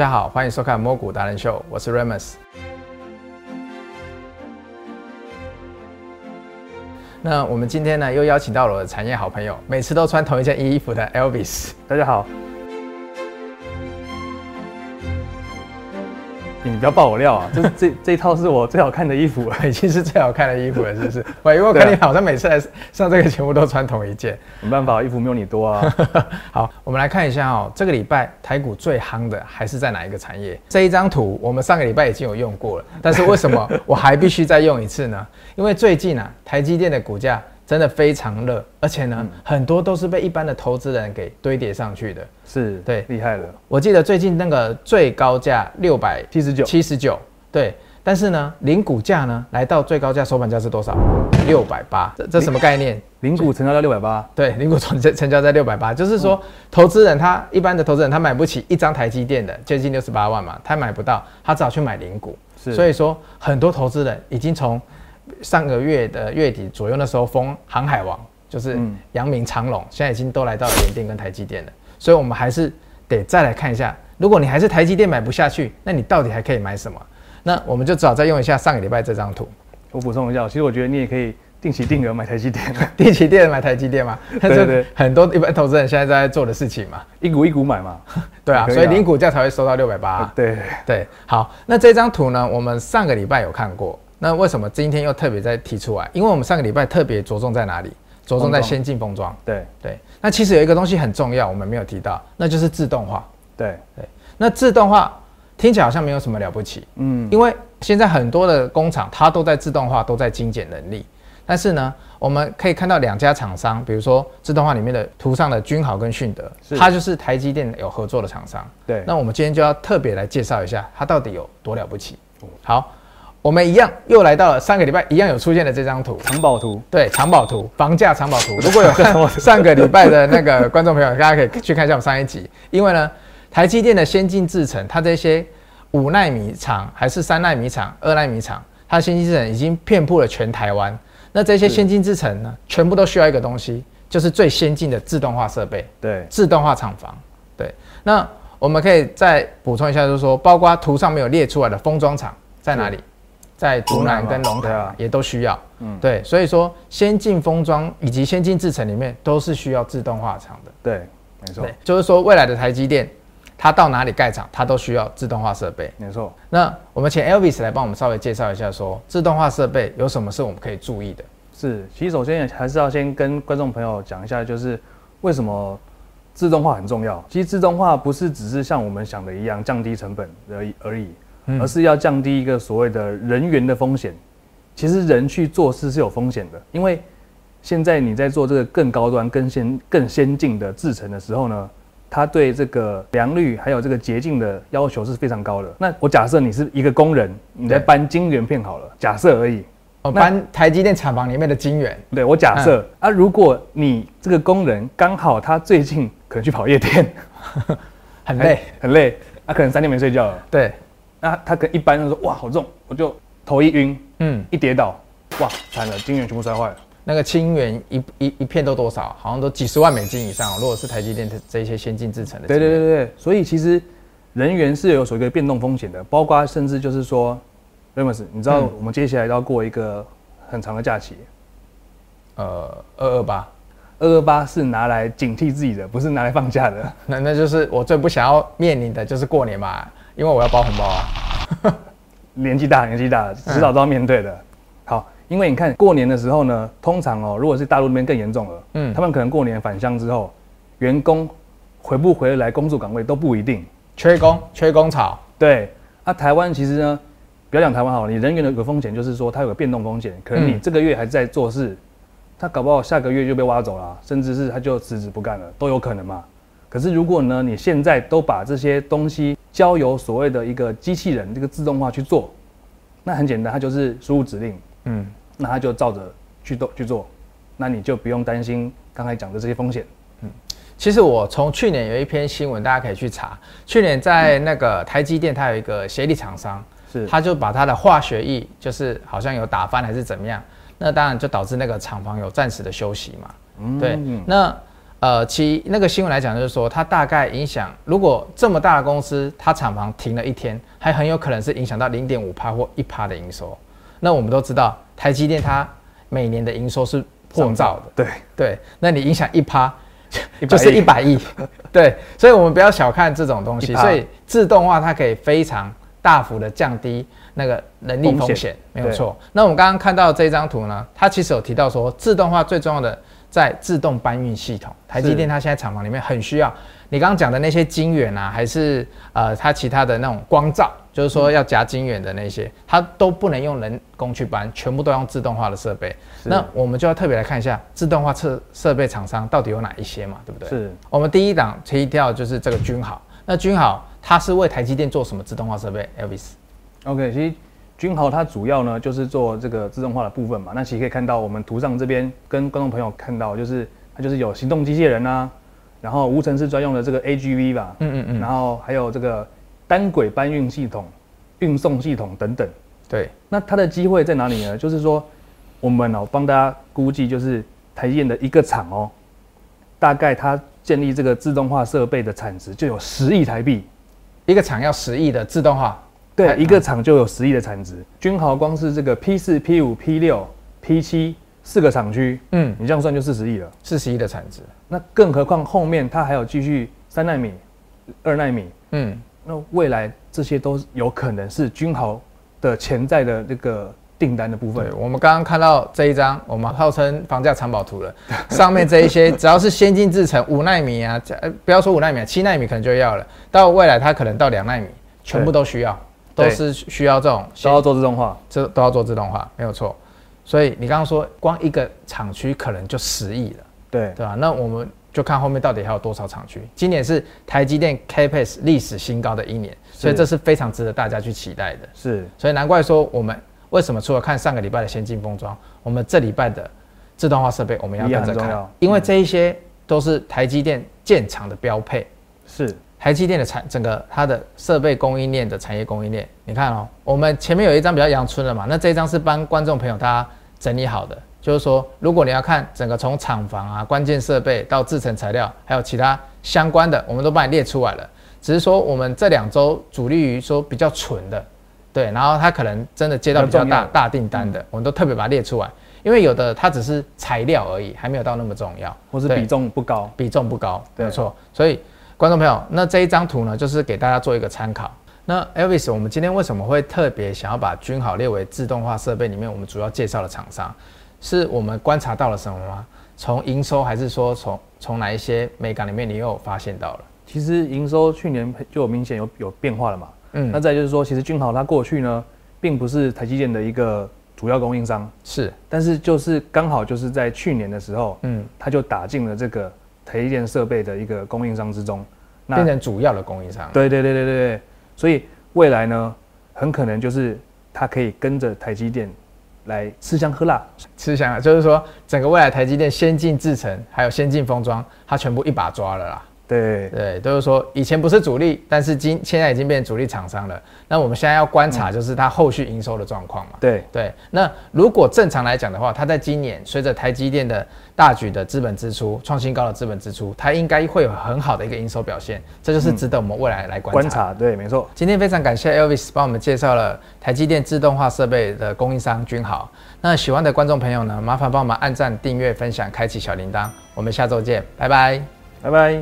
大家好，歡迎收看《摸股達人秀》，我是 Remus。那我們今天呢，又邀請到了我的產業好朋友，每次都穿同一件衣服的 Elvis。大家好。不要爆我料啊！就是、這這這套是我最好看的衣服了，已 經是最好看的衣服了，是不是？喂， 因為我看你好像每次來上這個節目都穿同一件，沒辦法，衣服沒有你多啊。 好，我們來看一下哦，這個禮拜台股最夯的還是在哪一個產業？這一張圖我們上個禮拜已經有用過了，但是為什麼我還必須再用一次呢？ 因為最近啊，台積電的股價。真的非常熱，而且呢、嗯，很多都是被一般的投資人給堆疊上去的，是，對，厲害了。我記得最近那個最高價六百七十九，七十九，對。但是呢，零股價呢，來到最高價收盤價是多少？六百八。這是什麼概念？零股成交到六百八。對，零股成交成交在六百八，就是說，嗯、投資人他一般的投資人他買不起一張台積電的，接近六十八萬嘛，他買不到，他只好去買零股。所以說很多投資人已經從上個月的月底左右的時候，封《航海王》，就是陽明、長隆，現在已經都來到了聯電定跟台積電了，所以我們還是得再來看一下。如果你還是台積電買不下去，那你到底還可以買什麼？那我們就只好再用一下上個禮拜這張圖。我補充一下喔，其實我覺得你也可以定期定額買台積電， 定期定額買台積電嘛，那是很多一般投資人現在在做的事情嘛，一股一股買嘛。對啊，所以零股價才會收到六百八。對對，好，那這張圖呢，我們上個禮拜有看過。那為什麼今天又特別再提出來？因為我們上個禮拜特別着重在哪裡？着重在先進封裝。對對。那其實有一個東西很重要，我們沒有提到，那就是自動化。對對。那自動化聽起來好像沒有什麼了不起。嗯。因為現在很多的工廠它都在自動化，都在精簡能力。但是呢，我們可以看到兩家廠商，比如說自動化裡面的圖上的均豪跟迅德，它就是台積電有合作的廠商。對。那我們今天就要特別來介紹一下，它到底有多了不起。好。我們一樣又來到了上個禮拜一樣有出現的這張圖，藏寶圖，對，藏寶圖，房價藏寶圖。如果有看上個禮拜的那個觀眾朋友，大家可以去看一下我們上一集。因為呢，台積電的先進製程，它這些五納米廠，還是三納米廠，二納米廠，它先進製程已經遍佈了全台灣。那這些先進製程呢，全部都需要一個東西，就是最先進的自動化設備，對，自動化廠房，對。那我們可以再補充一下，就是說，包括圖上沒有列出來的封裝廠在哪裡？在竹南跟龍潭啊，也都需要，嗯，對，所以說先進封裝以及先進製程裡面都是需要自動化廠的，對，沒錯，就是說未來的台積電，它到哪裡蓋廠，它都需要自動化設備，沒錯。那我們請 Elvis 來幫我們稍微介紹一下，說自動化設備有什麼是我們可以注意的？是，其實首先還是要先跟觀眾朋友講一下，就是為什麼自動化很重要。其實自動化不是只是像我們想的一樣降低成本而已而已，而是要降低一個所謂的人員的風險。其實人去做事是有風險的，因為現在你在做這個更高端、更先、更先進的制程的時候呢，它對這個良率還有這個潔淨的要求是非常高的。那我假設你是一個工人，你在搬晶圓片好了，假設而已。我搬台積電廠房裡面的晶圓，對，我假設啊，如果你這個工人剛好他最近可能去跑夜店，很累，很累，他可能三天沒睡覺了。對。那他跟一般人說：“哇，好重！”我就頭一暈，嗯，一跌倒，哇，慘了，晶圓全部摔壞了。那個晶圓一一一片都多少？好像都幾十萬美金以上，哦。如果是台積電這一些先進製程的，對對對對。所以其實人員是有所謂的變動風險的，包括甚至就是說 Remus, 你知道我們接下來要過一個很長的假期，嗯、呃，二二八，二二八是拿來警惕自己的，不是拿來放假的。 那那就是我最不想要面臨的就是過年嘛。因為我要包紅包啊！ 年紀大，年紀大了，遲早都要面對的、嗯。好，因為你看過年的時候呢，通常哦，如果是大陸那邊更嚴重了，嗯，他們可能過年返鄉之後，員工回不回來工作崗位都不一定，缺工，缺工潮，嗯、對啊，台灣其實呢，不要講台灣好了，你人員的有一個風險，就是說它有個變動風險，可能你這個月還在做事，他、嗯、搞不好下個月就被挖走了，甚至是他就辭職不幹了，都有可能嘛。可是如果呢，你現在都把這些東西。交由所謂的一個機器人，這個自動化去做，那很簡單，它就是輸入指令，嗯，那它就照着去動去做，那你就不用擔心剛才講的這些風險，嗯，其實我從去年有一篇新聞，大家可以去查，去年在那個台積電，它有一個協力廠商，是，他就把它的化學液，就是好像有打翻還是怎麼樣，那當然就導致那個廠房有暫時的休息嘛，嗯，對，嗯、那。呃，其那個新聞來講，就是說它大概影響，如果這麼大的公司，它廠房停了一天，還很有可能是影響到零點五趴或一趴的營收。那我們都知道，台積電它每年的營收是破兆的。對對，那你影響一趴，就是一百 億。對，所以我們不要小看這種東西。 所以自動化它可以非常大幅的降低那個人力風險，沒有錯。那我們剛剛看到的這張圖呢，它其實有提到說，自動化最重要的。在自動搬運系統，台積電它現在廠房裡面很需要你剛剛講的那些晶圓啊，還是呃它其他的那種光罩，就是說要夾晶圓的那些，它都不能用人工去搬，全部都用自動化的設備是。那我們就要特別來看一下自動化設設備廠商到底有哪一些嘛，對不對？是，我們第一檔提到的就是這個均豪。那均豪它是為台積電做什麼自動化設備？Elvis？OK，、okay, 其實 he... 君豪它主要呢就是做這個自動化的部分嘛，那其實可以看到我們圖上這邊跟觀眾朋友看到，就是它就是有行動機器人啊，然後無塵室專用的這個 AGV 吧，嗯嗯嗯，然後還有這個單軌搬運系統、嗯、運送系統等等。對，那它的機會在哪裡呢？就是說我們哦、喔、幫大家估計，就是台積電的一個廠哦、喔，大概它建立這個自動化設備的產值就有十億台幣，一個廠要十億的自動化。對，一個廠就有十億的產值。君豪光是這個 P 四、P 五、P 六、P 七四個廠區，嗯，你這樣算就四十億了，四十億的產值。那更何況後面它還有繼續三納米、二納米嗯，嗯，那未來這些都有可能是君豪的潛在的那個訂單的部分。我們剛剛看到這一張，我們號稱房價藏寶圖了，上面這一些只要是先進製程五納米啊，不要說五納米啊，七納米可能就要了。到未來它可能到兩納米，全部都需要。都是需要這種，都要做自動化，這都要做自動化，沒有錯。所以你剛剛說，光一個廠區可能就十億了，對對吧、啊？那我們就看後面到底還有多少廠區？今年是台積電 CAPEX 歷史新高的一年，所以這是非常值得大家去期待的。是，所以難怪說我們為什麼除了看上個禮拜的先進封裝，我們這禮拜的自動化設備我們要跟着看、嗯，因為這一些都是台積電建廠的標配。是。台積電的產整個它的設備供應鏈的產業供應鏈，你看哦、喔，我們前面有一張比較陽春的嘛，那這一張是幫觀眾朋友他整理好的，就是說如果你要看整個從廠房啊、關鍵設備到制程材料，還有其他相關的，我們都幫你列出來了。只是說我們這兩周主力於說比較純的，對，然後他可能真的接到比較大大訂單的，我們都特別把它列出來，因為有的它只是材料而已，還沒有到那麼重要，或是比重不高，比重不高，沒錯，所以。觀眾朋友，那這一張圖呢，就是給大家做一個參考。那 Elvis，我們今天為什麼會特別想要把均豪列為自動化設備裡面我們主要介紹的廠商？是我們觀察到了什麼嗎？從營收還是說從從哪一些美感裡面你又有發現到了？其實營收去年就有明顯有有變化了嘛。嗯，那再就是說，其實均豪它過去呢，並不是台積電的一個主要供應商。是，但是就是剛好就是在去年的時候，嗯，它就打進了這個。台積電設備的一個供應商之中，變成主要的供應商。對對對對對對，所以未來呢，很可能就是它可以跟着台積電來吃香喝辣。吃香啊，就是說，整個未來台積電先進製程還有先進封裝，它全部一把抓了啦。對對，都、就是說以前不是主力，但是今現在已經變成主力廠商了。那我們現在要觀察，就是它後續營收的狀況嘛。嗯、對對，那如果正常來講的話，它在今年隨着台積電的大舉的資本支出、創新高的資本支出，它應該會有很好的一個營收表現，這就是值得我們未來來觀察。嗯、觀察、對，沒錯。今天非常感謝 Elvis 幫我們介紹了台積電自動化設備的供應商君豪。那喜歡的觀眾朋友呢，麻煩幫我們按讚、訂閱、分享、開啟小鈴鐺。我們下周見，拜拜，拜拜。